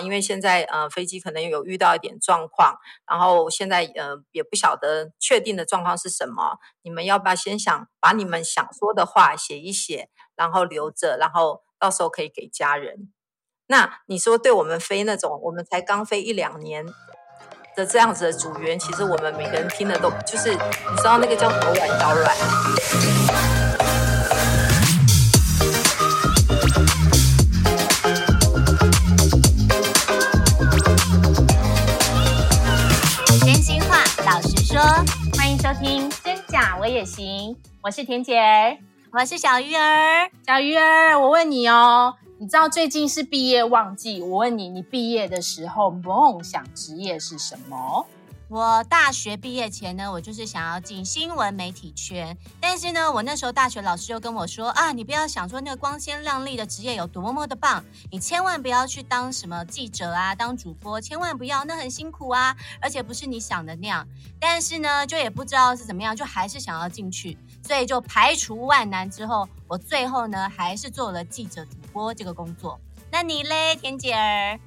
因為現在呃飛機可能有遇到一點狀況，然後現在呃也不曉得確定的狀況是什麼，你們要不要先想把你們想說的話寫一寫，然後留着，然後到時候可以給家人。那你說對我們飛那種，我們才剛飛一兩年的這樣子的組員，其實我們每個人聽得都就是你知道那個叫什麼軟腳軟。歡迎收聽《真假我也行》，我是恬姐兒，我是小瑜兒。小瑜兒，我問你哦，你知道最近是畢業旺季，我問你，你畢業的時候夢想職業是什麼？我大學畢業前呢，我就是想要進新聞媒體圈，但是呢，我那時候大學老師就跟我說啊，你不要想說那個光鮮亮麗的職業有多麼麼的棒，你千萬不要去當什麼記者啊，當主播，千萬不要，那很辛苦啊，而且不是你想的那樣。但是呢，就也不知道是怎麼樣，就還是想要進去，所以就排除萬難之後，我最後呢還是做了記者、主播這個工作。那你嘞，恬姐兒？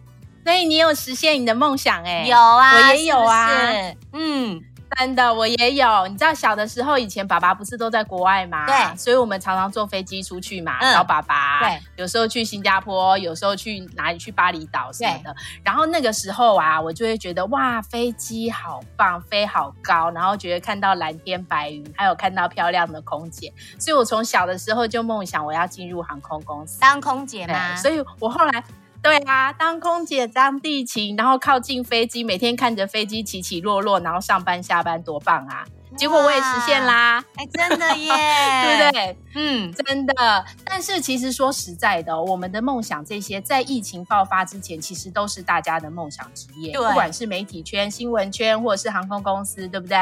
所以你有實現你的夢想哎、欸？有啊，我也有啊。是是嗯，真的，我也有。你知道小的時候，以前爸爸不是都在國外嗎？對。所以我們常常坐飛機出去嘛，找、嗯、爸爸。對。有時候去新加坡，有時候去哪裡去巴厘島什麼的。對然後那個時候啊，我就會覺得哇，飛機好棒，飛好高，然後覺得看到藍天白雲，還有看到漂亮的空姐。所以我從小的時候就夢想我要進入航空公司當空姐。對。所以我後來。對啊，當空姐、當地勤，然後靠近飛機，每天看着飛機起起落落，然後上班下班，多棒啊！結果我也實現啦！哎、欸，真的耶， 對不對？嗯，真的。但是其實說實在的、哦，我們的夢想這些，在疫情爆發之前，其實都是大家的夢想職業，對不管是媒體圈、新聞圈，或者是航空公司，對不對？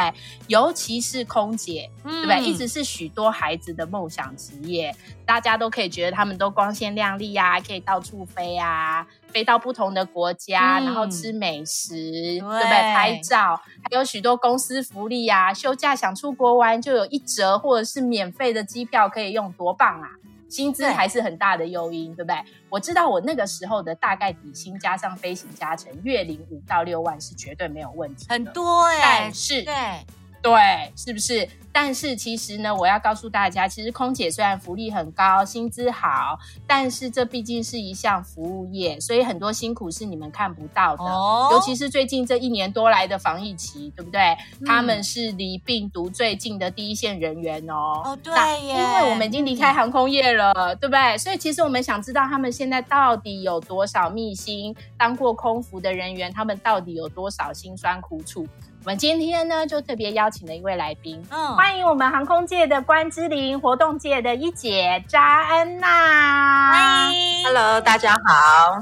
尤其是空姐，對不對？嗯、一直是許多孩子的夢想職業，大家都可以覺得他們都光鮮亮麗呀、啊，可以到處飛啊。飛到不同的國家，嗯、然後吃美食，對不對？拍照，還有許多公司福利啊！休假想出國玩，就有一折或者是免費的機票可以用，多棒啊！薪資還是很大的誘因，對不對？我知道我那個時候的大概底薪加上飛行加成，月領五到六萬是絕對沒有問題的，很多哎、欸，但是對。對，是不是？但是其實呢，我要告訴大家，其實空姐雖然福利很高，薪資好，但是這畢竟是一項服務業，所以很多辛苦是你們看不到的。哦、尤其是最近這一年多來的防疫期，對不對？嗯、他們是離病毒最近的第一線人員哦。哦，對因為我們已經離開航空業了，對不對？所以其實我們想知道，他們現在到底有多少密星當過空服的人員？他們到底有多少辛酸苦楚？我們今天呢，就特別邀請了一位來賓，嗯，歡迎我們航空界的關之琳，活動界的一姐查安娜，歡迎，Hello，大家好，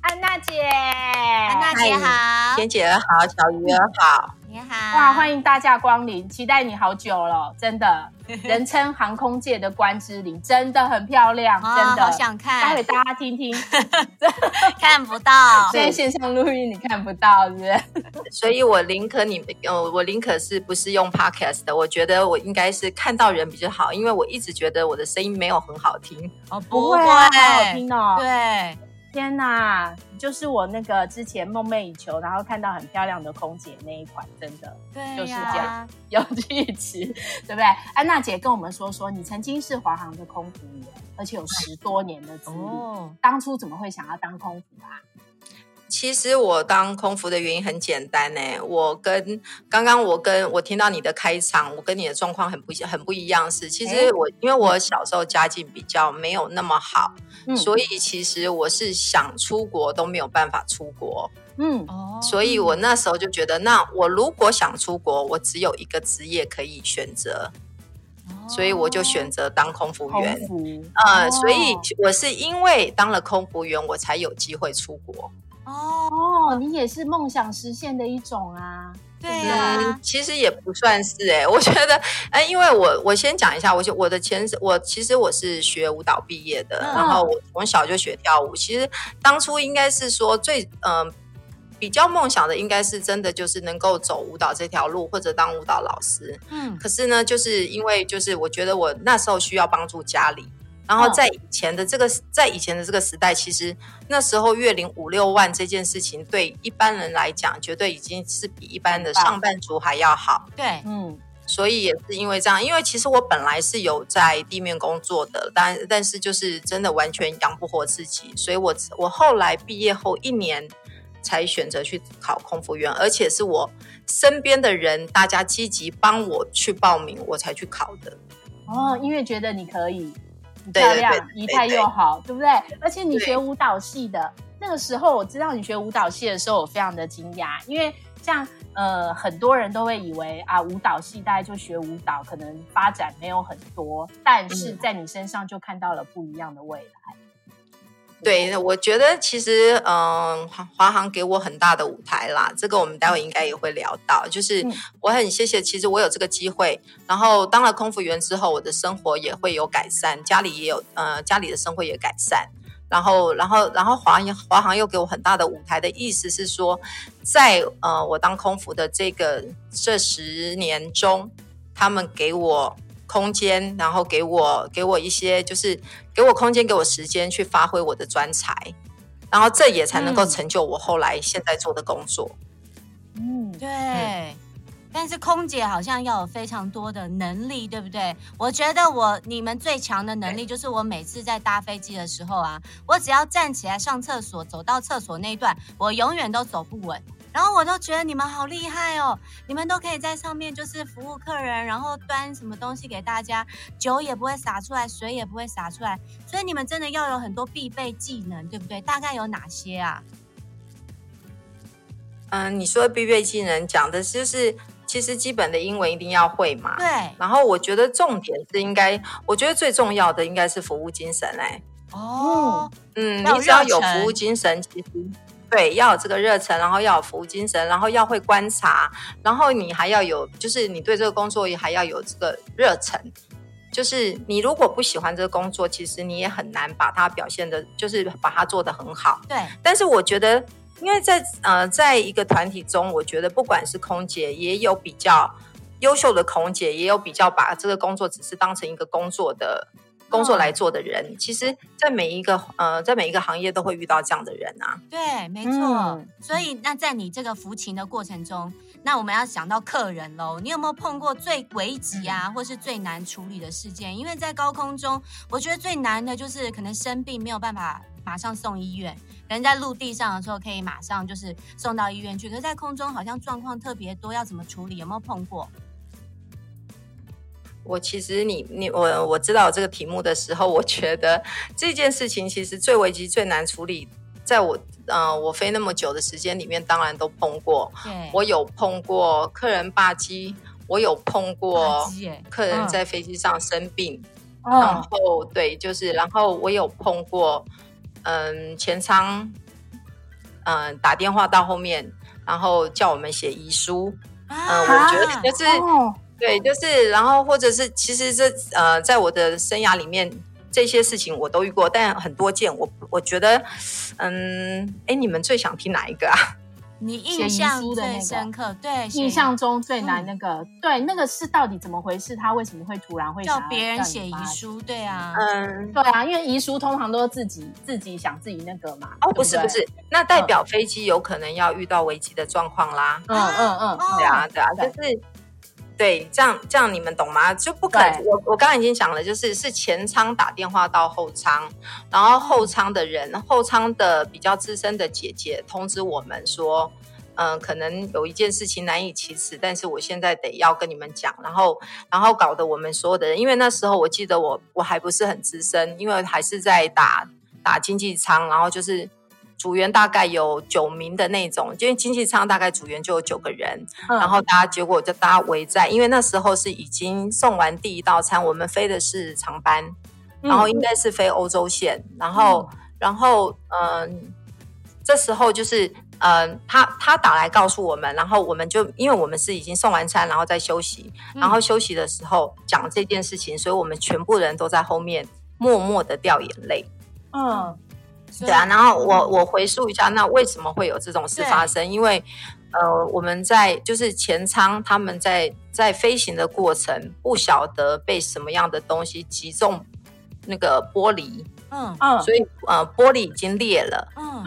安娜姐，安娜姐好，恬姐兒好，小瑜兒好。你好哇，歡迎大家光臨，期待你好久了，真的，人稱航空界的關之琳，真的很漂亮，哦、真的。好想看，發給大家聽聽， 看不到，所以線上錄音你看不到是？對，所以我寧可你們，呃，我寧可是不是用 podcast 的？我覺得我應該是看到人比較好，因為我一直覺得我的聲音沒有很好聽。哦，不會，好好聽哦，對。天吶，就是我那個之前夢寐以求，然後看到很漂亮的空姐那一款，真的，對、啊，就是這樣，有氣質，對不對？安娜姐跟我們說說，你曾經是華航的空服員，而且有十多年的資歷，哦、當初怎麼會想要當空服啊？其實我當空服的原因很簡單呢。我跟剛剛我跟我聽到你的開場，我跟你的狀況很不很不一樣。是，其實我因為我小時候家境比較沒有那麼好，嗯、所以其實我是想出國都沒有辦法出國。嗯，所以我那時候就覺得，嗯、那我如果想出國，我只有一個職業可以選擇，哦、所以我就選擇當空服員。呃，所以我是因為當了空服員，我才有機會出國。哦，你也是夢想實現的一種啊。對呀，啊嗯，其實也不算是哎、欸，我覺得哎、欸，因為我我先講一下，我我的前我其實我是學舞蹈畢業的，然後我從小就學跳舞。其實當初應該是說最嗯、呃、比較夢想的，應該是真的就是能夠走舞蹈這條路，或者當舞蹈老師。嗯，可是呢，就是因為就是我覺得我那時候需要幫助家裡。然後在以前的這個在以前的這個時代，其實那時候月領五六萬這件事情，對一般人來講，絕對已經是比一般的上班族還要好。對，嗯，所以也是因為這樣，因為其實我本來是有在地面工作的，但但是就是真的完全養不活自己，所以我我後來畢業後一年才選擇去考空服員，而且是我身邊的人大家積極幫我去報名，我才去考的。哦，因為覺得你可以。漂亮，儀態又好，對不對？而且你學舞蹈系的。對對，那個時候，我知道你學舞蹈系的時候，我非常的驚訝，因為像呃很多人都會以為啊，舞蹈系大家就學舞蹈，可能發展沒有很多，但是在你身上就看到了不一樣的未來。嗯對，我覺得其實嗯、呃，華航給我很大的舞台啦。這個我們待會應該也會聊到，就是我很謝謝，其實我有這個機會。然後當了空服員之後，我的生活也會有改善，家裡也有，呃，家裡的生活也改善。然後，然後，然後華華航又給我很大的舞台的意思是說，在呃我當空服的這個這十年中，他們給我。空間，然後給我給我一些，就是給我空間，給我時間去發揮我的專才，然後這也才能夠成就我後來現在做的工作。嗯，嗯，對。但是空姐好像要有非常多的能力，對不對？我覺得我你們最強的能力就是我每次在搭飛機的時候啊，我只要站起來上廁所，走到廁所那一段，我永遠都走不穩。然後我都覺得你們好厲害哦！你們都可以在上面就是服務客人，然後端什麼東西給大家，酒也不會灑出來，水也不會灑出來，所以你們真的要有很多必備技能，對不對？大概有哪些啊？嗯、呃，你說必備技能，講的是就是其實基本的英文一定要會嘛。對。然後我覺得重點是應該，我覺得最重要的應該是服務精神嘞、欸。哦。嗯，你只要有服務精神，其實。對，要有這個熱忱，然後要有服務精神，然後要會觀察，然後你還要有，就是你對這個工作也還要有這個熱忱。就是你如果不喜歡這個工作，其實你也很難把它表現的，就是把它做得很好。對。但是我覺得，因為在呃，在一個團體中，我覺得不管是空姐，也有比較優秀的空姐，也有比較把這個工作只是當成一個工作的工作來做的人，嗯、其實在每一個呃，在每一個行業都會遇到這樣的人啊。對，沒錯。嗯、所以那在你這個服勤的過程中，那我們要想到客人嘍。你有沒有碰過最危急啊，嗯、或是最難處理的事件？因為在高空中，我覺得最難的就是可能生病沒有辦法馬上送醫院，人在陸地上的時候可以馬上就是送到醫院去，可是在空中好像狀況特別多，要怎麼處理？有沒有碰過？我其實你你我我知道我這個題目的時候，我覺得這件事情其實最危機最難處理，在我呃我飛那麼久的時間裡面，當然都碰過。Yeah. 我有碰過客人霸機，我有碰過客人在飛機上生病，欸 uh. 然後對，就是然後我有碰過嗯前艙嗯、呃、打電話到後面，然後叫我們寫遺書。嗯、呃，ah. 我覺得就是。Oh. 對，就是，然後或者是，其實這呃，在我的生涯裡面，這些事情我都遇過，但很多件，我我覺得，嗯，哎，你們最想聽哪一個啊？你印象最深刻，對，印象中最難、嗯、那個，對，那個是到底怎麼回事？他為什麼會突然會叫別人寫遺書？對啊，嗯，對啊，因為遺書通常都是自己自己想自己那個嘛。哦，對不對？不是不是，那代表飛機有可能要遇到危機的狀況啦。嗯嗯嗯，嗯對啊，對啊對啊，就是。對，這樣這樣你們懂嗎？就不敢。對我我剛剛已經講了，就是是前艙打電話到後艙，然後後艙的人，後艙的比較資深的姐姐通知我們說，嗯、呃，可能有一件事情難以啟齒，但是我現在得要跟你們講。然後，然後搞得我們所有的人，因為那時候我記得我我還不是很資深，因為還是在打打經濟艙，然後就是。組員大概有九名的那種，因為經濟艙大概組員就有九個人，嗯、然後大家結果就大家圍在，因為那時候是已經送完第一道餐，我們飛的是長班，嗯、然後應該是飛歐洲線，然後、嗯、然後嗯、呃，這時候就是嗯、呃，他他打來告訴我們，然後我們就因為我們是已經送完餐，然後再休息，然後休息的時候、嗯、講這件事情，所以我們全部人都在後面默默的掉眼淚，嗯。對啊，然後我我回溯一下，那為什麼會有這種事發生？對因為，呃，我們在就是前艙，他們在在飛行的過程，不曉得被什麼樣的東西擊中那個玻璃，嗯嗯，哦、所以呃玻璃已經裂了，嗯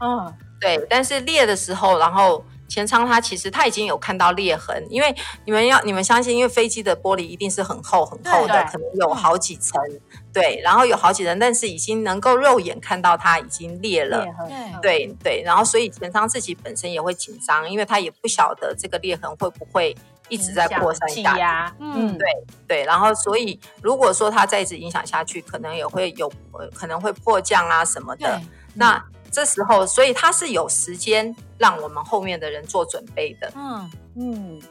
嗯，哦、對，但是裂的時候，然後。前艙它其實它已經有看到裂痕，因為你們要你們相信，因為飛機的玻璃一定是很厚很厚的，對對可能有好幾層，嗯、對，然後有好幾層，但是已經能夠肉眼看到它已經裂了，裂痕對對，對，然後所以前艙自己本身也會緊張，因為他也不曉得這個裂痕會不會一直在擴散，壓、啊，嗯，嗯對對，然後所以如果說它再一直影響下去，可能也會有對可能會迫降啊什麼的，嗯、那。這時候，所以他是有時間讓我們後面的人做準備的。嗯嗯，嗯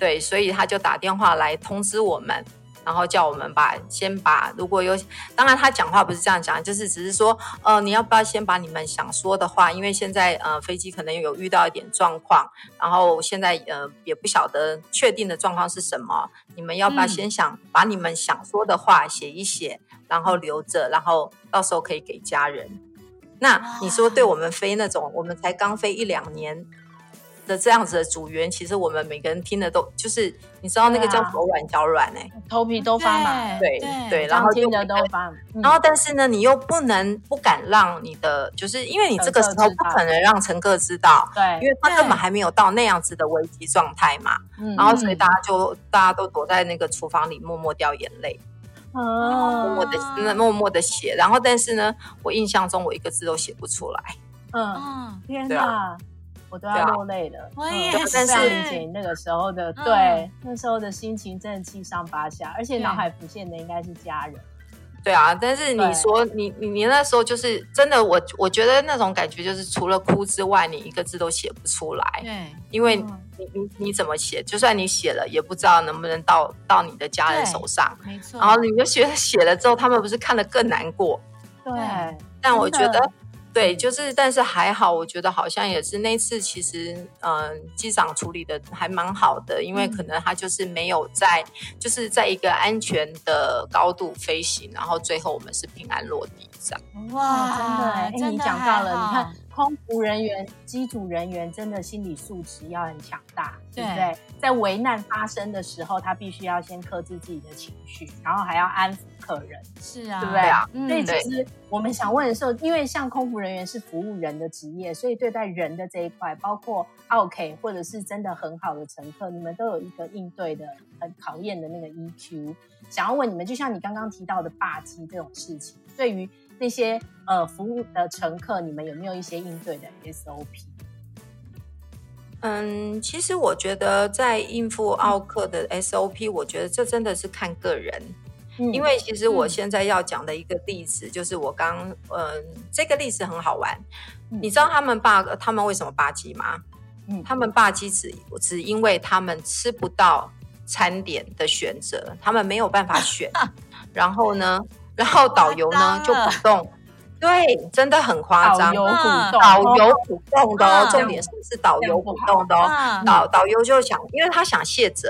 對，所以他就打電話來通知我們，然後叫我們把先把如果有，當然他講話不是這樣講，就是只是說，呃，你要不要先把你們想說的話，因為現在呃飛機可能有遇到一點狀況，然後現在呃也不曉得確定的狀況是什麼，你們要不要先想、嗯、把你們想說的話寫一寫，然後留着，然後到時候可以給家人。那你說對我們飛那種，我們才剛飛一兩年的這樣子的組員，其實我們每個人聽的都就是，你知道那個叫手軟腳軟哎，頭皮都發麻，對對，然後聽的都發麻。然後但是呢，你又不能不敢讓你的，就是因為你這個時候不可能讓乘客知道，對，因為他根本還沒有到那樣子的危機狀態嘛。然後所以大家就大家都躲在那個廚房裡默默掉眼淚。哦，默默的，哦、默默的寫，然後但是呢，我印象中我一個字都寫不出來。嗯，嗯，天哪，啊、我都要落淚了。對啊，嗯、我也，是，非常理解你那個時候的，對，嗯、那時候的心情真的七上八下，而且腦海浮現的應該是家人。對啊，但是你說對你你你那時候就是真的我，我我覺得那種感覺就是除了哭之外，你一個字都寫不出來。對，因為你、哦、你你怎麼寫，就算你寫了，也不知道能不能到到你的家人手上。沒錯、啊，然後你就覺得寫了之後，他們不是看得更難過。對，但我覺得。對，就是，但是還好，我覺得好像也是那次，其實，嗯、呃，機長處理的還蠻好的，因為可能他就是沒有在，嗯、就是在一個安全的高度飛行，然後最後我們是平安落地，這樣。哇、哦，真的哎，欸、的你講到了，你看。空服人員、機組人員真的心理素質要很強大，對，對不對？在危難發生的時候，他必須要先克制自己的情緒，然後還要安撫客人。是啊，對不對啊？嗯、所以其實我們想問的時候，對因為像空服人員是服務人的職業，所以對待人的這一塊，包括奧客或者是真的很好的乘客，你們都有一個應對的很考驗的那個 EQ。想要問你們，就像你剛剛提到的霸機這種事情，對於。那些呃服務的乘客，你們有沒有一些應對的 SOP？嗯，其實我覺得在應付奧客的 SOP，嗯、我覺得這真的是看個人。嗯、因為其實我現在要講的一個例子，嗯、就是我剛嗯、呃，這個例子很好玩。嗯、你知道他們霸，他們為什麼霸機嗎？嗯、他們霸機只只因為他們吃不到餐點的選擇，他們沒有辦法選。 然後呢？然後導遊呢就鼓動，張對，真的很誇張。導遊鼓動、哦，導遊鼓動的哦，啊、重點是不是導遊鼓動的哦？嗯、導導遊就想，因為他想卸責，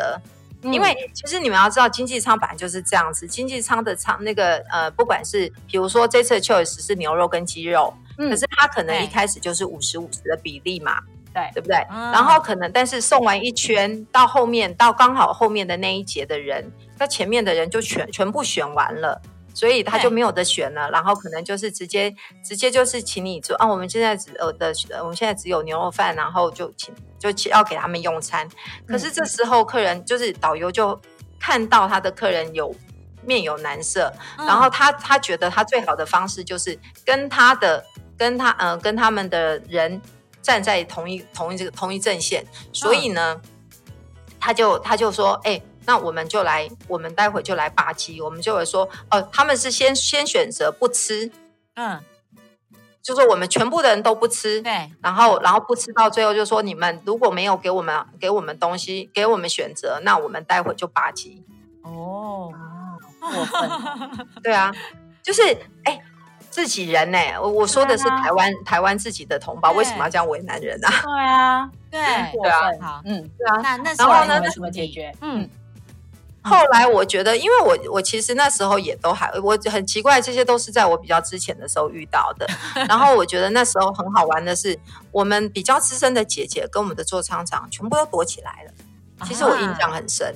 嗯、因為其實你們要知道，經濟艙本來就是這樣子。經濟艙的艙那個呃，不管是比如說這次 choice 是牛肉跟雞肉，嗯、可是他可能一開始就是五十五十的比例嘛，嗯、對對不對？嗯、然後可能但是送完一圈到後面，到剛好後面的那一節的人，那前面的人就全全部選完了。所以他就沒有得選了，對然後可能就是直接直接就是請你做啊，我們現在只呃的，我們現在只有牛肉飯，然後就請就請要給他們用餐。可是，這時候客人就是導遊就看到他的客人有面有難色，然後他他覺得他最好的方式就是跟他的跟他呃跟他們的人站在同一同一這個同一陣線，所以呢，嗯、他就他就說哎。欸那我們就來，我們待會就來罷機，我們就會說，哦，他們是先先選擇不吃，嗯，就是我們全部的人都不吃，對，然後然後不吃到最後就說，你們如果沒有給我們給我們東西，給我們選擇，那我們待會就罷機。哦，過分，對啊，就是哎，自己人呢，我說的是台灣台灣自己的同胞，為什麼要這樣為難人啊？對啊，對，對啊，嗯，對啊，那那時候呢？怎麼解決？嗯。後來我覺得，因為我我其實那時候也都還我很奇怪，這些都是在我比較之前的時候遇到的。然後我覺得那時候很好玩的是， 我們比較資深的姐姐跟我們的座艙長全部都躲起來了。其實我印象很深，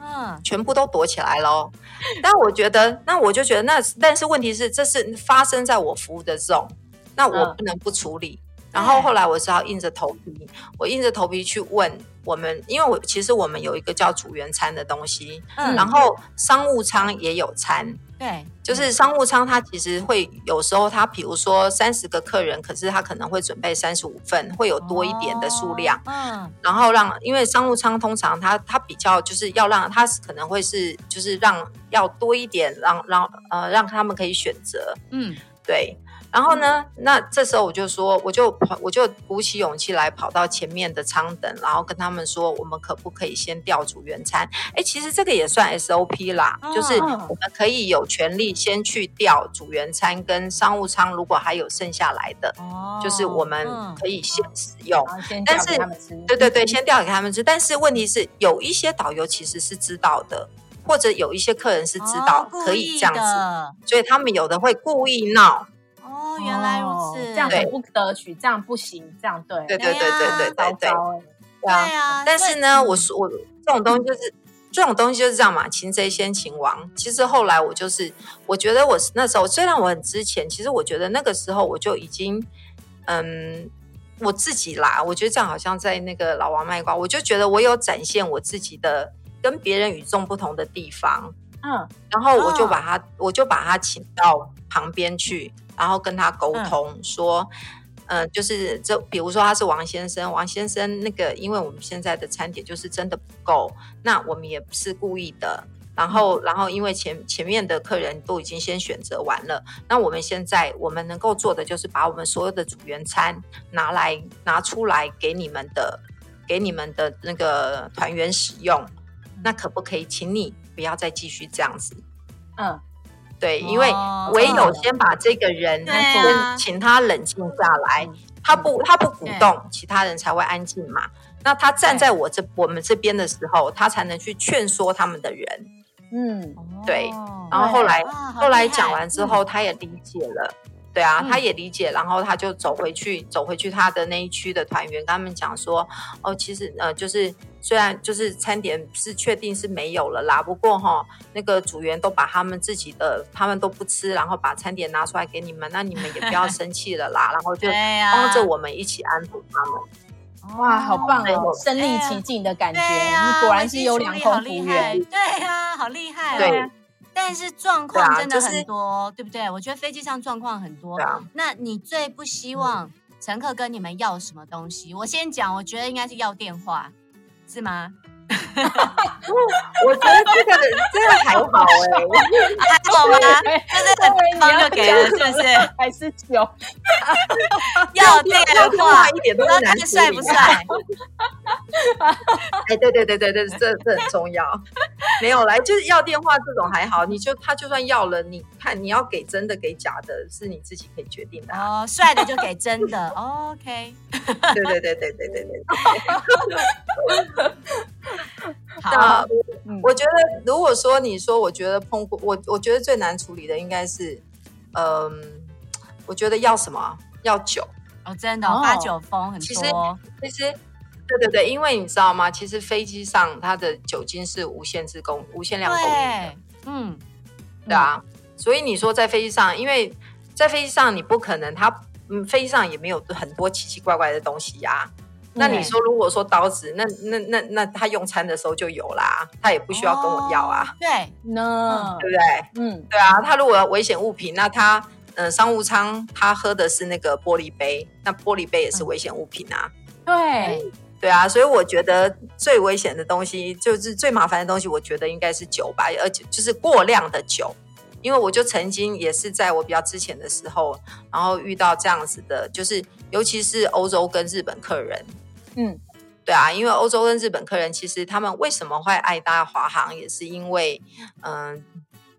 嗯、啊，全部都躲起來咯。嗯、但我覺得，那我就覺得那，那但是問題是，這是發生在我服務的這種，那我不能不處理。嗯、然後後來我是要硬着頭皮，我硬着頭皮去問。我們因為我其實我們有一個叫組員餐的東西，嗯，然後商務艙也有餐，對，就是商務艙它其實會有時候它比如說三十個客人，可是它可能會準備三十五份，會有多一點的數量，哦、嗯，然後讓因為商務艙通常它它比較就是要讓它可能會是就是讓要多一點讓，讓讓呃讓他們可以選擇，嗯，對。然後呢，嗯、那這時候我就說，我就跑，我就鼓起勇氣來跑到前面的艙等，然後跟他們說，我們可不可以先調組員餐？哎，其實這個也算 SOP 啦，嗯、就是我們可以有權利先去調組員餐跟商務艙，如果還有剩下來的，哦、就是我們可以先使用。但是，對對對，先調給他們吃。嗯、但是問題是，有一些導遊其實是知道的，或者有一些客人是知道可以這樣子，哦、所以他們有的會故意鬧。哦、原來如此，這樣，不得取，對這樣不行，這樣對，對，對對對對對，對對呀，對啊！對呀但是呢，對我說我這種東西就是、嗯、這種東西就是這樣嘛，擒賊先擒王。其實後來，我就是我覺得我是那時候雖然我很之前，其實我覺得那個時候我就已經嗯，我自己啦，我覺得這樣好像在那個老王賣瓜，我就覺得我有展現我自己的跟別人與眾不同的地方，嗯，然後我就把他，嗯、我就把他請到旁邊去。然後跟他溝通說，嗯、呃，就是這，比如說他是王先生，王先生那個，因為我們現在的餐點就是真的不夠，那我們也不是故意的。然後，然後因為前前面的客人都已經先選擇完了，那我們現在我們能夠做的就是把我們所有的組員餐拿來拿出來給你們的，給你們的那個團員使用，那可不可以？請你不要再繼續這樣子，嗯。對，因為唯有先把這個人先、哦、請他冷靜下來，對啊、他不他不鼓動，對其他人才會安靜嘛。那他站在我這對我們這邊的時候，他才能去勸說他們的人。嗯，對。然後後來、對啊、後來講完之後，嗯、他也理解了。對啊，他也理解，然後他就走回去，嗯、走回去他的那一區的團員，跟他們講說：哦，其實呃，就是雖然就是餐點是確定是沒有了啦，不過吼，那個組員都把他們自己的，他們都不吃，然後把餐點拿出來給你們，那你們也不要生氣了啦， 啊、然後就幫着我們一起安撫他們。啊、哇，好棒哦，嗯、身臨其境的感覺，啊、你果然是優良空服員。對啊對，好厲害哦。對啊但是狀況真的很多，對啊，就是，對不對？我覺得飛機上狀況很多。啊，那你最不希望乘客跟你們要什麼東西？我先講，我覺得應該是要電話，是嗎？我覺得這個真的還好哎。還好嗎？真的真的，好就給了，是不是？還是有要電話一點都不難。帥不帥？哎，對對對對，這這很重要。沒有來就是要電話這種還好，你就他就算要了，你看你要給真的給假的，是你自己可以決定的。哦，帥的就給真的，OK。對對對對對對對。 那好，嗯、我，我覺得，如果說你說，我覺得碰過我，我覺得最難處理的應該是，嗯、呃，我覺得要什麼，要酒。哦，真的、哦，發酒瘋很多。其實，其實，對對對，因為你知道嗎？其實飛機上它的酒精是無限制供、無限量供應的。嗯對，對啊。嗯、所以你說在飛機上，因為在飛機上你不可能，它嗯，飛機上也沒有很多奇奇怪怪的東西呀、啊。那你說，如果說刀子，對那那那那，那他用餐的時候就有啦，他也不需要跟我要啊。哦、對，no、嗯、對不對？嗯，對啊。他如果危險物品，那他嗯、呃、商務艙他喝的是那個玻璃杯，那玻璃杯也是危險物品啊。嗯、對、嗯，對啊。所以我覺得最危險的東西，就是最麻煩的東西，我覺得應該是酒吧，而且就是過量的酒，因為我就曾經也是在我比較之前的時候，然後遇到這樣子的，就是尤其是歐洲跟日本客人。嗯，對啊，因為歐洲跟日本客人其實他們為什麼會愛搭華航，也是因為嗯、呃，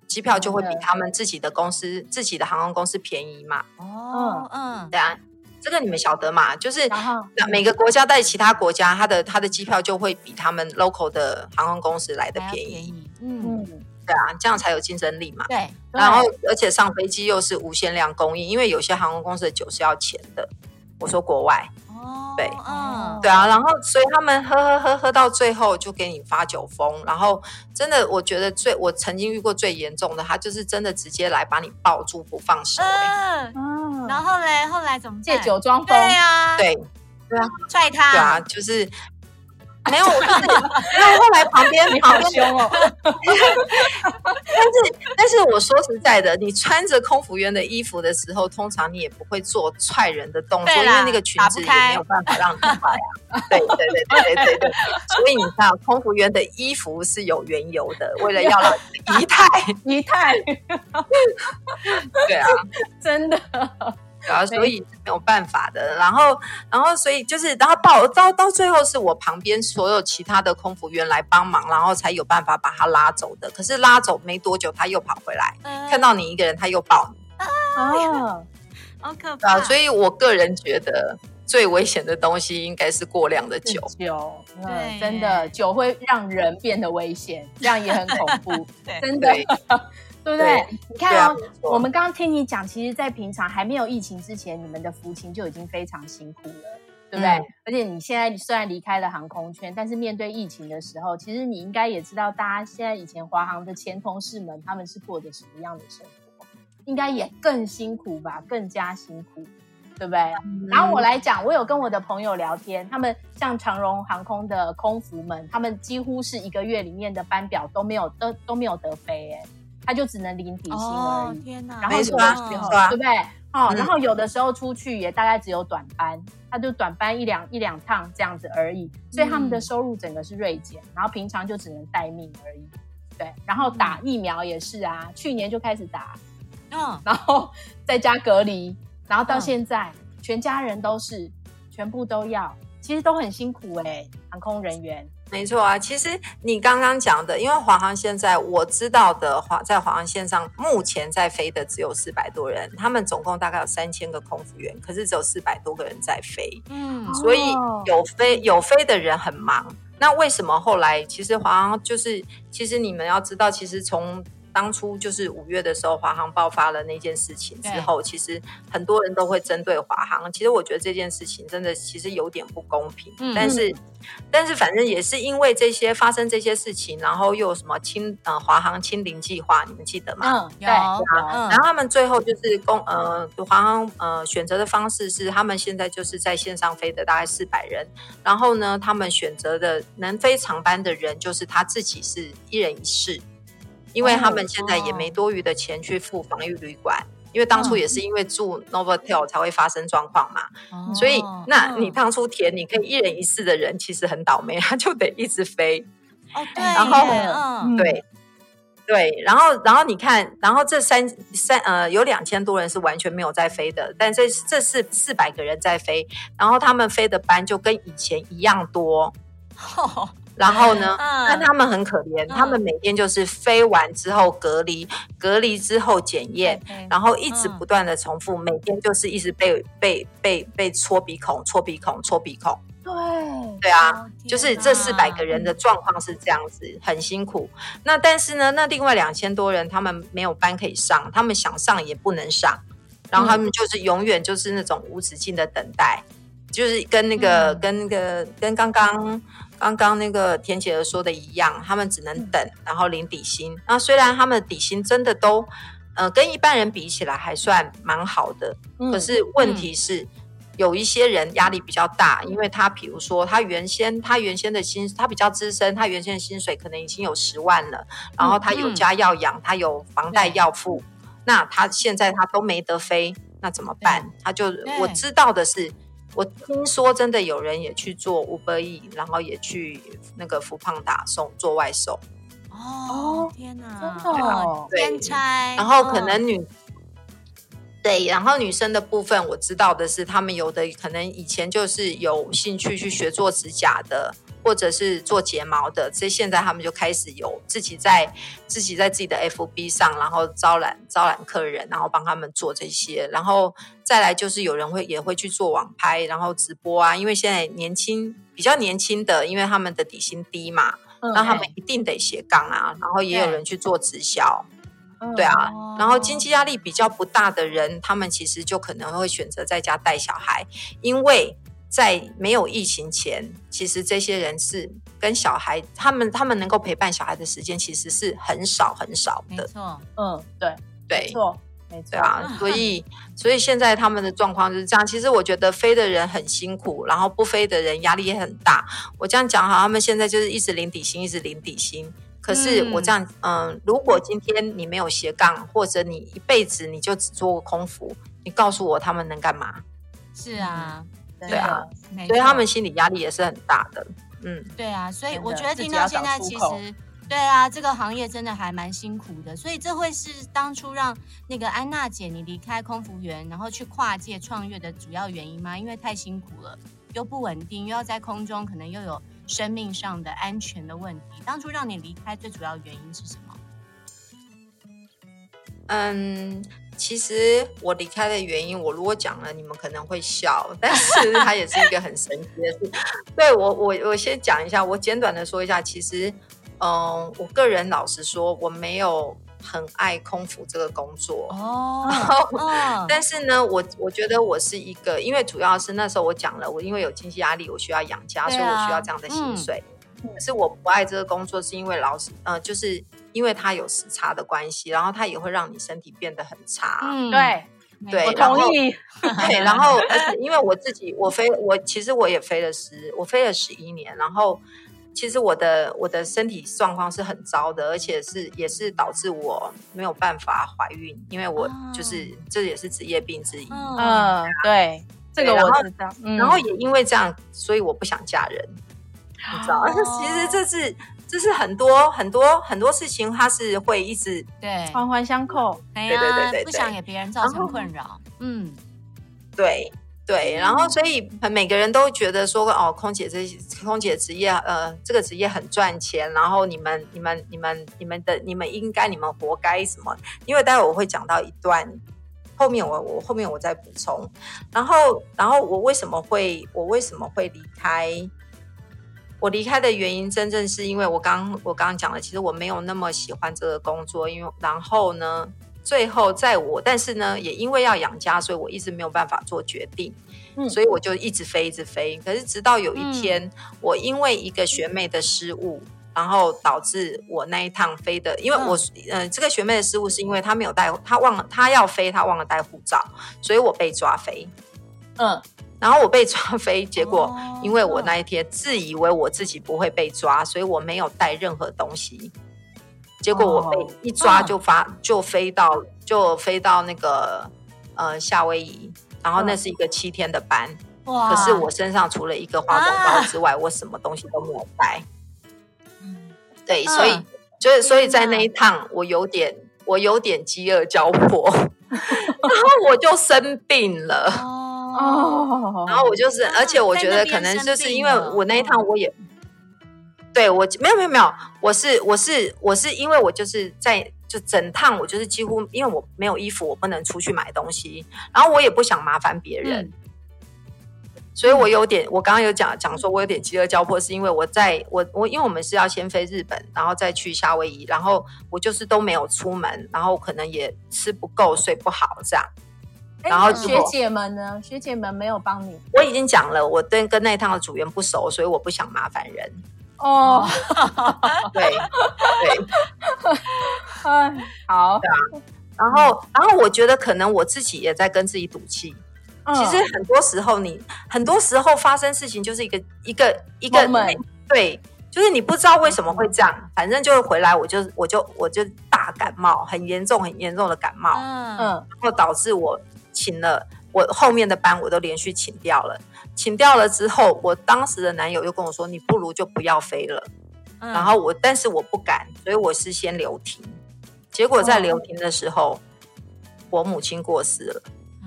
機票就會比他們自己的公司、哦、自己的航空公司便宜嘛。哦，嗯，對啊，這個你們曉得嘛？就是然後，每個國家在其他國家，他的他的機票就會比他們 local 的航空公司來得便宜。哎、便宜，嗯，對啊，這樣才有競爭力嘛。對，對，然後而且上飛機又是無限量供應，因為有些航空公司的酒是要錢的。我說國外。對，嗯，對啊，嗯、然後所以他們喝喝喝喝到最後就給你發酒瘋，然後真的我覺得最我曾經遇過最嚴重的，他就是真的直接來把你抱住不放手，呃，嗯，然後呢，後來怎麼借酒裝瘋啊？對對啊，拽，啊、他對啊，就是。 沒有，我、就是那後來旁邊你好凶哦， 但是但是我說實在的，你穿着空服員的衣服的時候，通常你也不會做踹人的動作，啦因為那個裙子也沒有辦法讓你踹啊。對對,對對對對對對，所以你知道空服員的衣服是有緣由的，為了要讓儀態儀態。 儀態 對啊，真的。Okay. 所以沒有辦法的。然後，然後，所以就是，然後抱到到,到最後，是我旁邊所有其他的空服員來幫忙，然後才有辦法把他拉走的。可是拉走沒多久，他又跑回來，uh, 看到你一個人，他又抱你。啊，好可怕！所以我個人覺得最危險的東西應該是過量的酒。酒，嗯，對耶真的，酒會讓人變得危險，這樣也很恐怖， 對真的。對對不對？對你看，哦，啊、我們剛剛聽你講，其實，在平常還沒有疫情之前，你們的服勤就已經非常辛苦了，對不對？嗯、而且你現在雖然離開了航空圈，但是面對疫情的時候，其實你應該也知道，大家現在以前華航的前同事們，他們是過着什麼樣的生活？應該也更辛苦吧，更加辛苦，對不對？嗯、然後我來講，我有跟我的朋友聊天，他們像長榮航空的空服們，他們幾乎是一個月裡面的班表都沒有，都都沒有得飛誒，他就只能領底薪而已，哦、然後只能去，對不對？哦、嗯，然後有的時候出去也大概只有短班，他就短班一兩一兩趟這樣子而已，所以他們的收入整個是銳減，嗯、然後平常就只能待命而已，對。然後打疫苗也是啊，嗯、去年就開始打，嗯，然後在家隔離，然後到現在、嗯、全家人都是全部都要，其實都很辛苦哎、欸，航空人員。沒錯啊，其實你剛剛講的，因為華航現在我知道的華在華航線上目前在飛的只有四百多人，他們總共大概有三千個空服員，可是只有四百多個人在飛，嗯，所以有飛、哦、有飛的人很忙。那為什麼後來其實華航就是，其實你們要知道，其實從當初就是五月的時候，華航爆發了那件事情之後，其實很多人都會針對華航。其實我覺得這件事情真的其實有點不公平，但是但是反正也是因為這些發生這些事情，然後又有什麼清呃華航清零計劃，你們記得嗎？對、嗯，對、嗯，然後他們最後就是公呃華航呃選擇的方式是，他們現在就是在線上飛的大概四百人，然後呢，他們選擇的能飛長班的人就是他自己是一人一室。因為他們現在也沒多餘的錢去付防疫旅館。哦、因為當初也是因為住 Novotel 才會發生狀況嘛。哦、所以，那你當初填，你可以一人一室的人，其實很倒霉，他就得一直飛。哦，對，然後，嗯、對，對，然後，然後你看，然後這三三呃，有兩千多人是完全沒有在飛的，但這這是四百個人在飛，然後他們飛的班就跟以前一樣多。呵呵然後呢，嗯、但他們很可憐，嗯、他們每天就是飛完之後隔離，隔離之後檢驗，嗯、然後一直不斷的重複，嗯、每天就是一直被、嗯、被被被戳鼻孔、戳鼻孔、戳鼻孔。對，對啊，哪就是這四百個人的狀況是這樣子，很辛苦。那但是呢，那另外兩千多人他們沒有班可以上，他們想上也不能上，然後他們就是永遠就是那種無止境的等待，嗯、就是跟那個、嗯、跟那個跟剛剛。剛剛那個恬姐兒說的一樣，他們只能等，嗯、然後領底薪。那雖然他們的底薪真的都，呃，跟一般人比起來還算蠻好的，嗯、可是問題是、嗯、有一些人壓力比較大，因為他比如說他原先他原先的薪，他比較資深，他原先的薪水可能已經有十萬了，嗯、然後他有家要養，嗯、他有房貸要付，對那他現在他都沒得飛，那怎麼辦？對他就對我知道的是。我聽說，真的有人也去做 Uber Eats，然後也去那個 foodpanda 送做外送。Oh, 哦，天哪，真的、哦？對才然後可能女，哦、對，然後女生的部分，我知道的是，他們有的可能以前就是有興趣去學做指甲的。或者是做睫毛的，所以現在他們就開始有自己在自己在自己的 FB 上，然後招攬招攬客人，然後幫他們做這些。然後再來就是有人會也會去做網拍，然後直播啊。因為現在年輕比較年輕的，因為他們的底薪低嘛，那、嗯、他們一定得斜槓啊。嗯、然後也有人去做直銷，嗯、對啊。嗯、然後經濟壓力比較不大的人，他們其實就可能會選擇在家帶小孩，因為。在沒有疫情前，其實這些人是跟小孩，他們他們能夠陪伴小孩的時間其實是很少很少的。沒錯，嗯、呃，對對，錯錯，沒錯，對啊。所以， 所以現在他們的狀況就是這樣。其實我覺得飛的人很辛苦，然後不飛的人壓力也很大。我這樣講，哈，他們現在就是一直領底薪，一直領底薪。可是我這樣，嗯，嗯，如果今天你沒有斜槓，或者你一輩子你就只做個空服，你告訴我他們能幹嘛？是啊。嗯對啊，對啊，沒錯。所以他們心理壓力也是很大的。嗯，對啊，所以我覺得聽到現在其實，其實，對啊，這個行業真的還蠻辛苦的。所以這會是當初讓那個安娜姐你離開空服員，然後去跨界創業的主要原因嗎？因為太辛苦了，又不穩定，又要在空中，可能又有生命上的安全的問題。當初讓你離開最主要原因是什麼？嗯。其實我離開的原因，我如果講了，你們可能會笑，但是它也是一個很神奇的事。 對我，我我先講一下，我簡短的說一下。其實，嗯，我個人老實說，我沒有很愛空服這個工作哦。但是呢，我我覺得我是一個，因為主要是那時候我講了，我因為有經濟壓力，我需要養家，啊、所以我需要這樣的薪水。嗯可是我不愛這個工作，是因為老師，呃，就是因為他有時差的關係，然後他也會讓你身體變得很差。嗯、對，對，我同意。後 對，然後而且因為我自己，我飛，我其實我也飛了十，我飛了十一年，然後其實我的我的身體狀況是很糟的，而且是也是導致我沒有辦法懷孕，因為我就是、哦、這也是職業病之一。嗯，對，對這個我知道。然後，嗯、然後也因為這樣，所以我不想嫁人。你知道，Oh. 其實這是，這是很多很多很多事情，它是會一直對環環相扣。對對對對對，不想給別人造成困擾。然後，嗯，嗯對對，然後所以每個人都覺得說哦、嗯，空姐這空姐職業，呃，這個職業很賺錢。然後你們你們你們你們的你們應該你們活該什麼？因為待會我會講到一段，後面我我後面我再補充。然後然後我為什麼會我為什麼會離開？我離開的原因，真正是因為我剛我剛剛講的。其實我沒有那麼喜歡這個工作，因為然後呢，最後在我，但是呢，也因為要養家，所以我一直沒有辦法做決定，嗯、所以我就一直飛一直飛。可是直到有一天，嗯、我因為一個學妹的失誤，然後導致我那一趟飛的，因為我、嗯呃、這個學妹的失誤是因為她沒有帶，她忘了她要飛她忘了帶護照，所以我被抓飛。嗯，然後我被抓飛，結果因為我那一天自以為我自己不會被抓，所以我沒有帶任何東西。結果我被一抓就發，嗯、就飛到就飛到那個、呃、夏威夷，然後那是一個七天的班，哇可是我身上除了一個化妝包之外，啊、我什麼東西都沒有帶。嗯嗯、對，所以所以在那一趟，我有點我有點飢餓交迫，嗯、然後我就生病了。嗯哦，oh, 然後我就是，而且我覺得可能就是因為我那一趟我也，對我沒有沒有沒有，我是我是我是因為我就是在就整趟我就是幾乎因為我沒有衣服，我不能出去買東西，然後我也不想麻煩別人，所以我有點我剛剛有講講說我有點飢餓交迫，是因為我在我我因為我們是要先飛日本，然後再去夏威夷，然後我就是都沒有出門，然後可能也吃不夠睡不好這樣。然後、嗯、學姐們呢？學姐們沒有幫你。我已經講了，我跟，跟那一趟的組員不熟，所以我不想麻煩人。哦，嗯、 對對、哎，好。嗯、然後，然後我覺得可能我自己也在跟自己賭氣。嗯、其實很多時候你，你很多時候發生事情就是一個一個一個 Moment. 對，就是你不知道為什麼會這樣。嗯、反正就回來我就，我就我就我就大感冒，很嚴重很嚴重的感冒。嗯嗯，然後導致我。請了我後面的班，我都連續請掉了。請掉了之後，我當時的男友又跟我說：“你不如就不要飛了。嗯”然後我，但是我不敢，所以我是先留停。結果在留停的時候，哦、我母親過世了。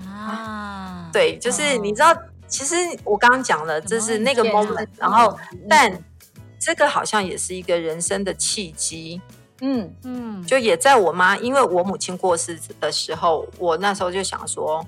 啊，對，就是你知道，哦、其實我剛剛講了，這是那個 moment。然後，嗯、但這個好像也是一個人生的契機。嗯嗯，就也在我媽，因為我母親過世的時候，我那時候就想說，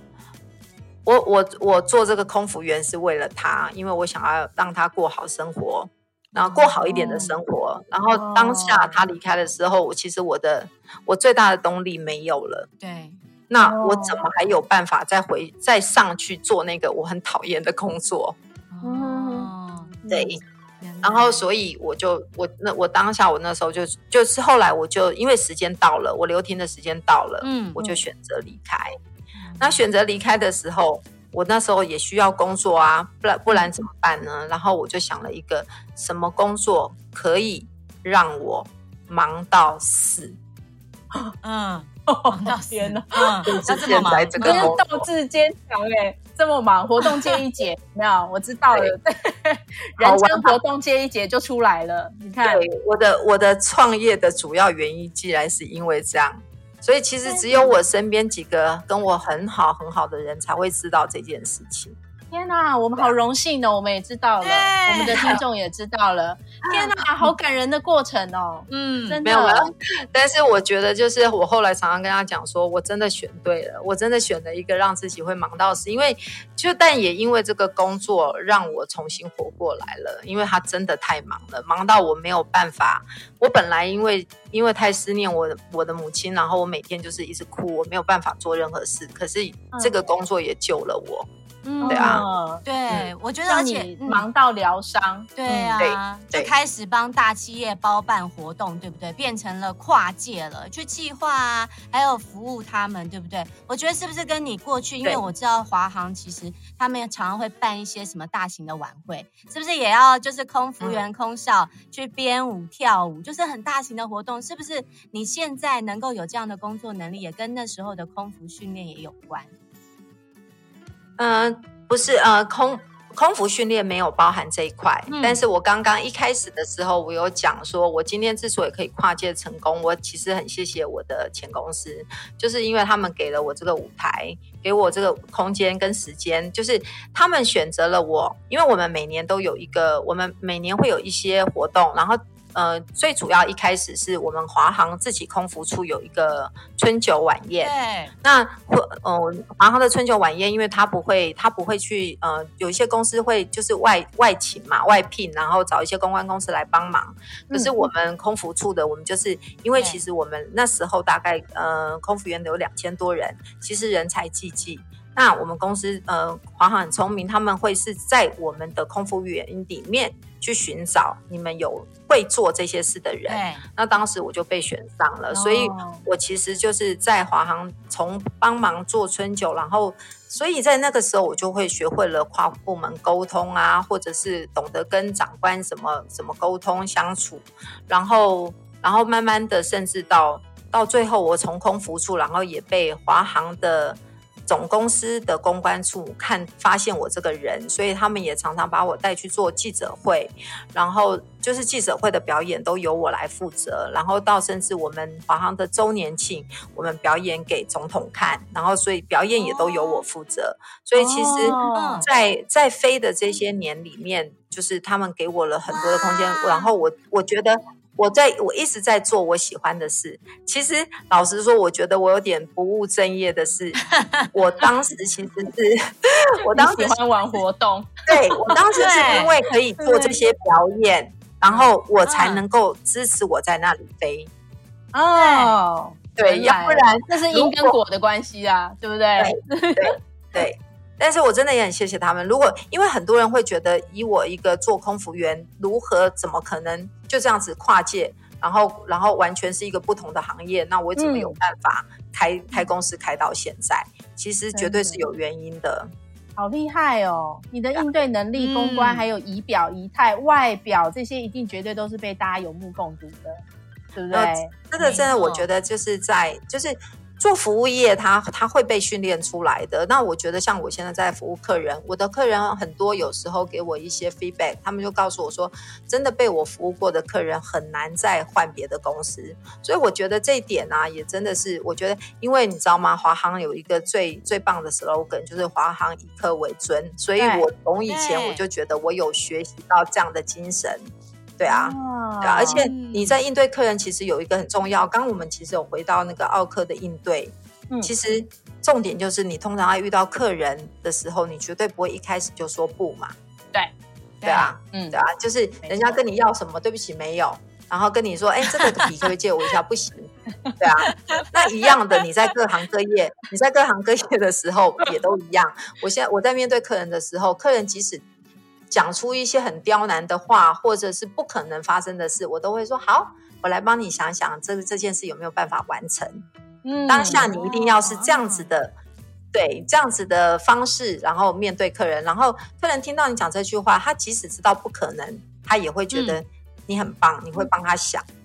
我我我做這個空服員是為了她，因為我想要讓她過好生活，然後過好一點的生活。哦，然後當下她離開的時候，我其實我的我最大的動力沒有了。對，那我怎麼還有辦法再回再上去做那個我很討厭的工作？哦，對。然後，所以我就我那我當下我那時候就就是後來我就因為時間到了，我留庭留停的時間到了，嗯，我就選擇離開。嗯、那選擇離開的時候，我那時候也需要工作啊，不然不然怎麼辦呢？嗯、然後我就想了一個什麼工作可以讓我忙到死？嗯，天、哦、哪，真這個忙，真是鬥志堅強哎。 這麼忙，活動接一節。 沒有？我知道了，對，好玩 人生活動接一節就出來了。你看，我的我的創業的主要原因，既然是因為這樣，所以其實只有我身邊幾個跟我很好很好的人才會知道這件事情。天吶，我們好榮幸哦！是吧？我們也知道了，欸、我們的聽眾也知道了。嗯、天吶，好感人的過程哦！嗯，真的沒有，但是我覺得，就是我後來常常跟他講說，說我真的選對了，我真的選了一個讓自己會忙到死，因為就但也因為這個工作讓我重新活過來了。因為他真的太忙了，忙到我沒有辦法。我本來因為因為太思念我我的母親，然後我每天就是一直哭，我沒有辦法做任何事。可是這個工作也救了我。嗯嗯嗯，對啊，對，我覺得而且忙到療傷，對啊，就開始幫大企業包辦活動，對不對？變成了跨界了，去計劃啊，還有服務他們，對不對？我覺得是不是跟你過去，因為我知道華航其實他們常常會辦一些什麼大型的晚會，對是不是也要就是空服員空少、嗯、去編舞跳舞，就是很大型的活動，是不是？你現在能夠有這樣的工作能力，也跟那時候的空服訓練也有關。嗯，呃，不是，呃，空空服訓練沒有包含這一塊。嗯，但是我剛剛一開始的時候，我有講說，我今天之所以可以跨界成功，我其實很謝謝我的前公司，就是因為他們給了我這個舞台，給我這個空間跟時間，就是他們選擇了我。因為我們每年都有一個，我們每年會有一些活動，然後。呃，最主要一開始是我們華航自己空服處有一個春酒晚宴。對。那，呃，華航的春酒晚宴，因為他不會，他不會去，呃，有一些公司會就是外外請嘛，外聘，然後找一些公關公司來幫忙。嗯，可是我們空服處的，我們就是因為其實我們那時候大概，對呃，空服員有兩千多人，其實人才濟濟。那我們公司，呃，華航很聰明，他們會是在我們的空服員裡面。去尋找你們有會做這些事的人，對那當時我就被選上了，哦、所以我其實就是在華航從幫忙做春酒，然後所以在那個時候我就會學會了跨部門溝通啊，或者是懂得跟長官怎麼怎麼溝通相處，然後然後慢慢的甚至到到最後我從空服處，然後也被華航的。總公司的公關處看發現我這個人，所以他們也常常把我帶去做記者會，然後就是記者會的表演都由我來負責，然後到甚至我們華航的周年慶，我們表演給總統看，然後所以表演也都由我負責，oh. 所以其實在在飛的這些年裡面，就是他們給我了很多的空間，oh. 然後我我覺得。我在我一直在做我喜歡的事。其實老實說，我覺得我有點不務正業的事。 我當時其實是，我當時喜歡，喜歡玩活動。對，我當時是因為可以做這些表演，然後我才能夠支持我在那裡飛。哦、啊，對，對要不然這是因果跟果的關係啊，對不對？對，對。對對 但是我真的也很謝謝他們。如果因為很多人會覺得，以我一個做空服員，如何怎麼可能？就這樣子跨界，然後然後完全是一個不同的行業，那我怎麼有辦法開、嗯、開公司開到現在？嗯、其實絕對是有原因的、嗯，好厲害哦！你的應對能力、嗯、公關還有儀表儀態、外表這些，一定絕對都是被大家有目共睹的，對不對？真的真的，我覺得就是在沒錯就是。做服務業它，他他會被訓練出來的。那我覺得，像我現在在服務客人，我的客人很多，有時候給我一些 feedback，他們就告訴我說，真的被我服務過的客人很難再換別的公司。所以我覺得這一點呢，啊，也真的是，我覺得，因為你知道嗎？華航有一個最最棒的 slogan，就是華航以客為尊。所以我從以前我就覺得，我有學習到這樣的精神。對啊，哇對啊，而且你在應對客人，其實有一個很重要。嗯、剛，剛我們其實有回到那個奧客的應對，嗯、其實重點就是你通常在遇到客人的時候，你絕對不會一開始就說不嘛，對，對啊，嗯，對啊，就是人家跟你要什麼，錯對不起沒有，然後跟你說，哎，這個筆可以借我一下， 不行，對啊，那一樣的，你在各行各業，你在各行各業的時候也都一樣。我現在我在面對客人的時候，客人即使，講出一些很刁難的話，或者是不可能發生的事，我都會說好，我來幫你想想這，這個這件事有沒有辦法完成？嗯，當下你一定要是這樣子的，哦、對，這樣子的方式，然後面對客人，然後客人聽到你講這句話，他即使知道不可能，他也會覺得你很棒，嗯、你會幫他想。嗯、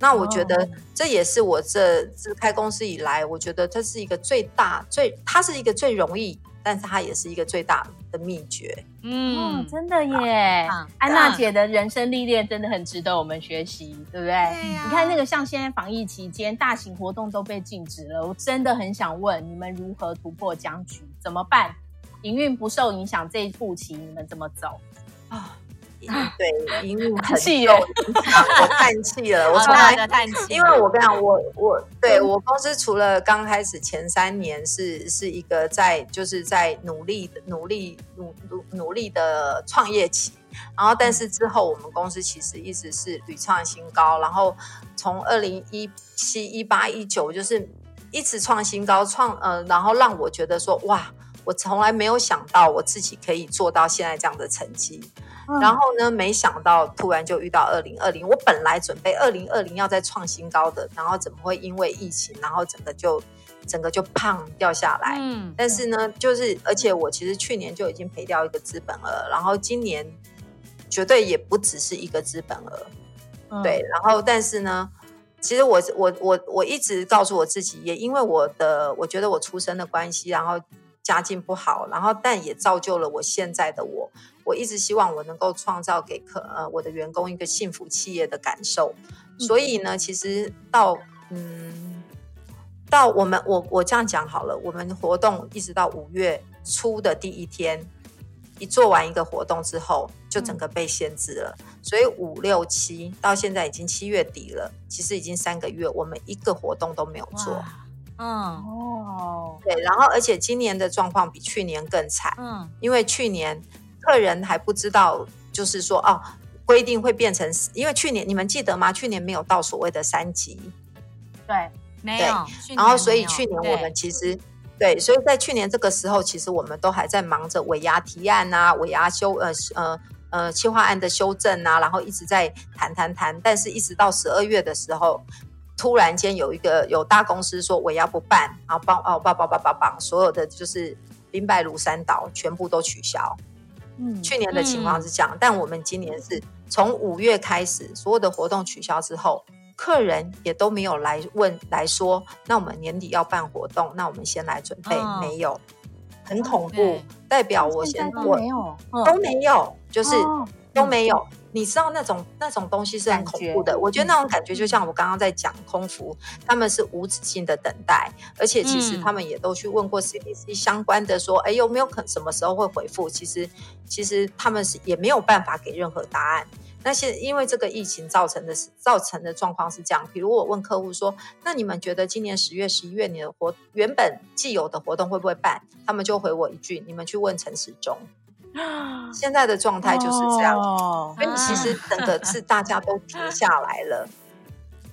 那我覺得這也是我這自開公司以來，我覺得這是一個最大最，他是一個最容易，但是他也是一個最大的。秘訣，嗯、哦，真的耶！嗯、安娜姐的人生歷練真的很值得我們學習，嗯、對不對？對啊、你看那個像現在防疫期間，大型活動都被禁止了，我真的很想問，你們如何突破僵局？怎麼辦？營運不受影響這一步棋，你們怎麼走啊？哦對，因為嘆 氣哦、欸，我嘆氣了， 我從來， 哦、嘆氣因為我跟你講，我我對，對我公司除了剛開始前三年是是一個在就是在努力的努力努努努力的創業期，然後但是之後我們公司其實一直是屢創新高，然後從二零一七一八一九就是一直創新高創呃，然後讓我覺得說哇，我從來沒有想到我自己可以做到現在這樣的成績。然後呢，沒想到突然就遇到二零二零。我本來準備二零二零要再創新高的，然後怎麼會因為疫情，然後整個就，整個就胖掉下來。嗯。但是呢，對就是而且我其實去年就已經賠掉一個資本了，然後今年絕對也不只是一個資本額了。嗯、對。然後，但是呢，其實我我我我一直告訴我自己，也因為我的我覺得我出身的關係，然後。家境不好，然後但也造就了我現在的我。我一直希望我能夠創造給可呃我的員工一個幸福企業的感受。嗯、所以呢，其實到嗯到我們我我這樣講好了，我們活動一直到五月初的第一天，一做完一個活動之後，就整個被限制了。嗯、所以五六七到現在已經七月底了，其實已經三個月，我們一個活動都沒有做。嗯哦，對，然後而且今年的狀況比去年更慘，嗯，因為去年客人還不知道，就是說哦，規定會變成，因為去年你們記得嗎？去年沒有到所謂的三級，對，沒有，對去年 然後所以去年我們其實對，對，所以在去年這個時候，其實我們都還在忙着尾牙提案啊，尾牙修呃呃呃企劃案的修正啊，然後一直在談談談，但是一直到十二月的時候。突然間有一個有大公司說我要不辦啊，幫哦幫幫幫所有的就是兵敗如山倒，全部都取消。嗯、去年的情況是這樣，嗯、但我們今年是從五月開始所有的活動取消之後，客人也都沒有來問來說，那我們年底要辦活動，那我們先來準備。哦、沒有，很恐怖，哦、代表我先我都沒有，、嗯、都沒有，就是、哦、都沒有。嗯你知道那種那種東西是很恐怖的。覺我覺得那種感覺就像我剛剛在講、嗯、空服，他們是無止境的等待，而且其實他們也都去問過 CBC 相關的說，說、嗯、哎有沒有可什麼時候會回復？其實其實他們是也沒有辦法給任何答案。那現因為這個疫情造成的造成的狀況是這樣，比如我問客戶說，那你們覺得今年十月十一月你的活原本既有的活動會不會辦？他們就回我一句：你們去問陳時中。現在的狀態就是這樣，所以、哦、其實等的是大家都停下來了，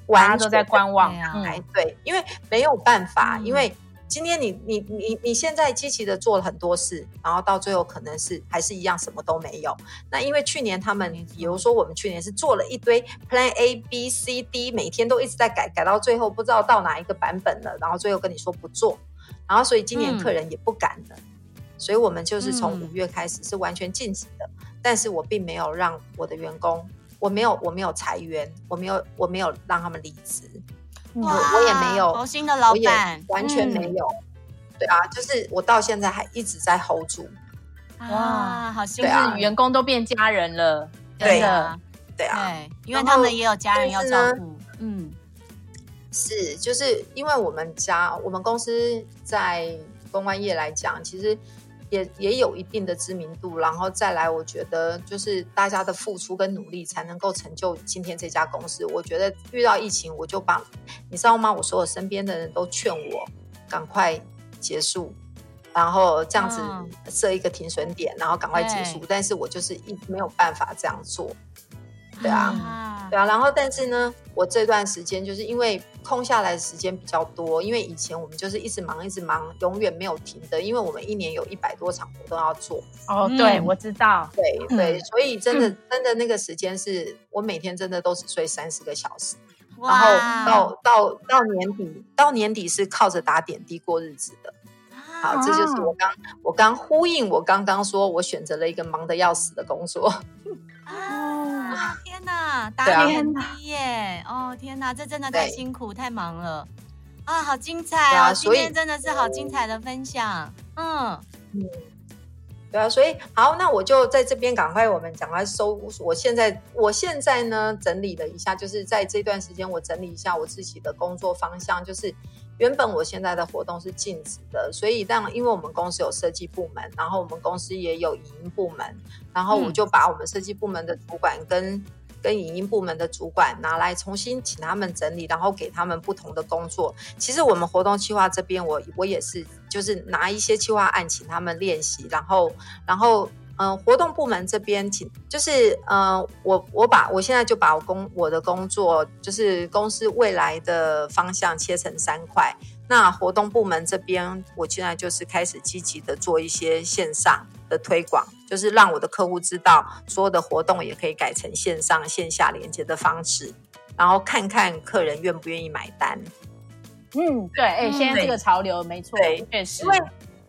大家、啊、都在觀望，哎、嗯，對，因為沒有辦法，嗯、因為今天你你你你現在積極地做了很多事，然後到最後可能是還是一樣什麼都沒有。那因為去年他們，比如說我們去年是做了一堆 plan A B C D，每天都一直在改，改到最後不知道到哪一個版本了，然後最後跟你說不做，然後所以今年客人也不敢了。嗯所以我們就是從五月開始是完全禁止的，嗯、但是我並沒有讓我的員工，我沒有，我沒有裁員，我沒有，我沒有讓他們離職，我哇我也沒有，核心的老闆完全沒有，嗯、對啊，就是我到現在還一直在 hold 住，哇，好心啊，像員工都變家人了，真的，對的、對啊，對啊對，因為他們也有家人要照顧，嗯，是，就是因為我們家我們公司在公關業來講，其實也也有一定的知名度，然後再來，我覺得就是大家的付出跟努力才能夠成就今天這家公司。我覺得遇到疫情，我就把你知道嗎？我所有身邊的人都勸我趕快結束，然後這樣子設一個停損點，嗯、然後趕快結束。嗯、但是我就是一沒有辦法這樣做。對啊，啊對啊，然後但是呢，我這段時間就是因為空下來的時間比較多，因為以前我們就是一直忙，一直忙，永遠沒有停的，因為我們一年有一百多場活動要做。哦，對，嗯、我知道，對對，所以真的、嗯、真的那個時間是我每天真的都只睡三四個小時，哇然後到到到年底到年底是靠着打點滴過日子的。好、啊，啊、這就是我剛我剛呼應我剛剛說我選擇了一個忙得要死的工作。啊！嗯、天哪，啊、打點滴耶！哪哦，天哪，這真的太辛苦，對太忙了啊！好精彩哦，啊，啊、今天真的是好精彩的分享。嗯嗯，嗯對啊，所以好，那我就在這邊趕快我們趕快收。我現在我現在呢，整理了一下，就是在這段時間我整理一下我自己的工作方向，就是。原本我現在的活動是禁止的，所以，但因為我們公司有設計部門，然後我們公司也有影音部門，然後我就把我們設計部門的主管跟、嗯、跟影音部門的主管拿來重新請他們整理，然後給他們不同的工作。其實我們活動計劃這邊我，我我也是就是拿一些計劃案請他們練習，然後然後。嗯、呃，活動部門這邊，請就是，呃，我我把我現在就把我工我的工作，就是公司未來的方向切成三塊。那活動部門這邊，我現在就是開始積極的做一些線上的推廣，就是讓我的客戶知道，所有的活動也可以改成線上、線下連接的方式，然後看看客人願不願意買單。嗯，對，哎，現在這個潮流對沒錯，對對確實。對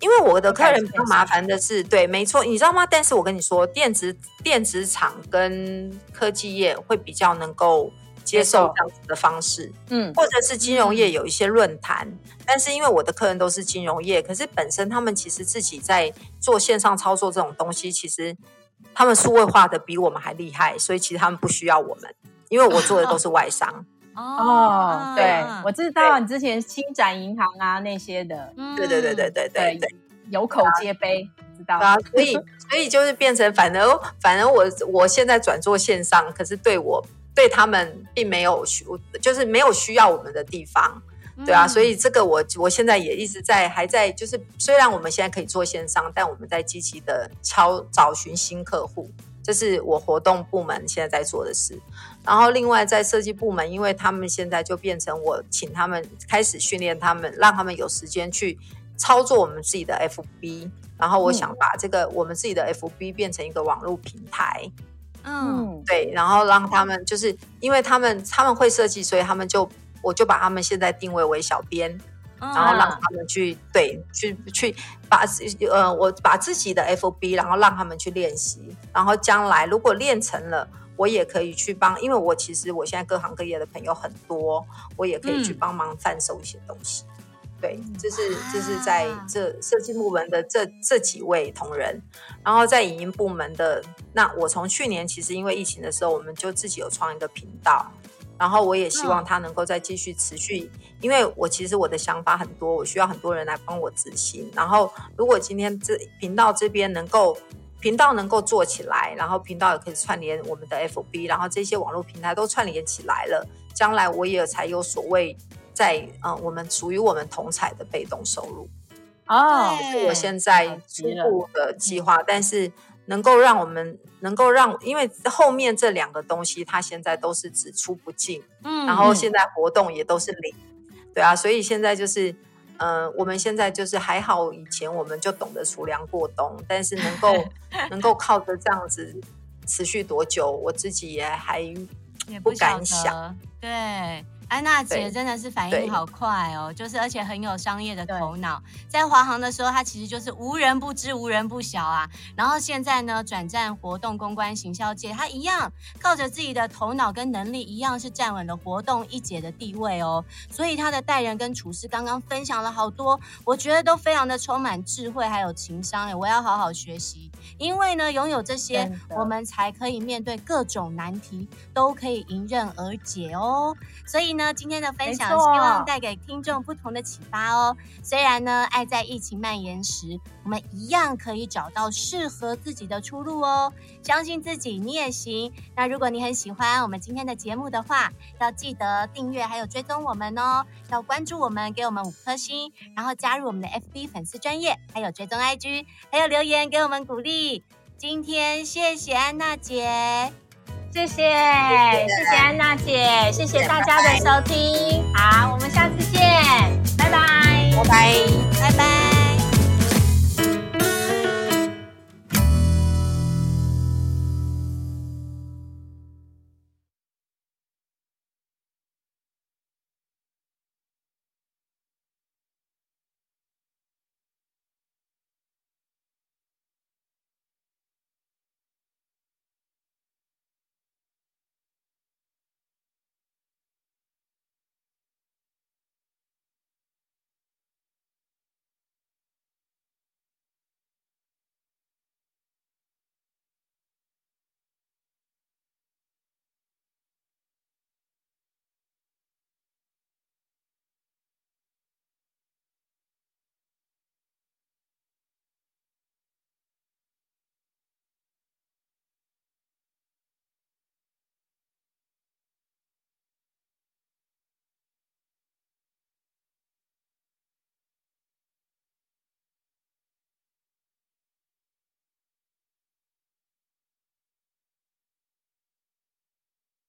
因為我的客人比較麻煩的是，是對，沒錯，你知道嗎？但是我跟你說，電子電子廠跟科技業會比較能夠接受這樣子的方式，嗯，或者是金融業有一些論壇，嗯，但是因為我的客人都是金融業，可是本身他們其實自己在做線上操作這種東西，其實他們數位化的比我們還厲害，所以其實他們不需要我們，因為我做的都是外商。啊哦，oh, 對、嗯、我知道對你之前星展銀行啊那些的，對，對對對對對對對，有口皆碑，啊、知道、啊。所以所以就是變成反，反而反而我我現在轉做線上，可是對我對他們並沒有需，就是沒有需要我們的地方，嗯、對啊。所以這個我我現在也一直在還在，就是雖然我們現在可以做線上，但我們在積極的敲找尋新客戶，這是我活動部門現在在做的事。然後，另外在設計部門，因為他們現在就變成我請他們開始訓練他們，讓他們有時間去操作我們自己的 FB。然後，我想把這個我們自己的 FB 變成一個網絡平台。嗯，嗯，對，然後讓他們就是，因為他們他們會設計，所以他們就我就把他們現在定位為小編，然後讓他們去對去去把呃，我把自己的 FB，然後讓他們去練習，然後將來如果練成了。我也可以去幫，因為我其實我現在各行各業的朋友很多，我也可以去幫忙販售一些東西。嗯、對，這是這是在這設計部門的這這幾位同仁，然後在影音部門的，那我從去年其實因為疫情的時候，我們就自己有創一個頻道，然後我也希望他能夠再繼續持續，因為我其實我的想法很多，我需要很多人來幫我執行。然後如果今天這頻道這邊能夠。頻道能夠做起來，然後頻道也可以串聯我們的 FB，然後這些網絡平台都串聯起來了，將來我也才有所謂在嗯、呃，我們屬於我們同彩的被動收入哦。我現在初步的計劃，但是能夠讓我們能夠讓，因為後面這兩個東西它現在都是只出不進，嗯，然後現在活動也都是零，對啊，所以現在就是。嗯、呃，我們現在就是還好，以前我們就懂得儲糧過冬，但是能夠 能夠靠着這樣子持續多久，我自己也還不敢想。對。安娜姐真的是反應好快哦，就是而且很有商業的頭腦。對在華航的時候，她其實就是無人不知、無人不曉啊。然後現在呢，轉戰活動公關行銷界，她一樣靠着自己的頭腦跟能力，一樣是站穩了活動一姐的地位哦。所以她的待人跟處事，剛剛分享了好多，我覺得都非常的充滿智慧，還有情商哎，我要好好學習，因為呢，擁有這些，我們才可以面對各種難題，都可以迎刃而解哦。所以呢。那今天的分享，希望帶給聽眾不同的啟發哦。沒錯。雖然呢，愛在疫情蔓延時，我們一樣可以找到適合自己的出路哦。相信自己，你也行。那如果你很喜歡我們今天的節目的話，要記得訂閱，還有追蹤我們哦。要關注我們，給我們五顆星，然後加入我們的 FB 粉絲專頁，還有追蹤 IG，還有留言給我們鼓勵。今天謝謝安娜姐。謝謝，謝謝安娜姐，謝謝大家的收聽。好，我們下次見，拜拜，拜拜，拜拜。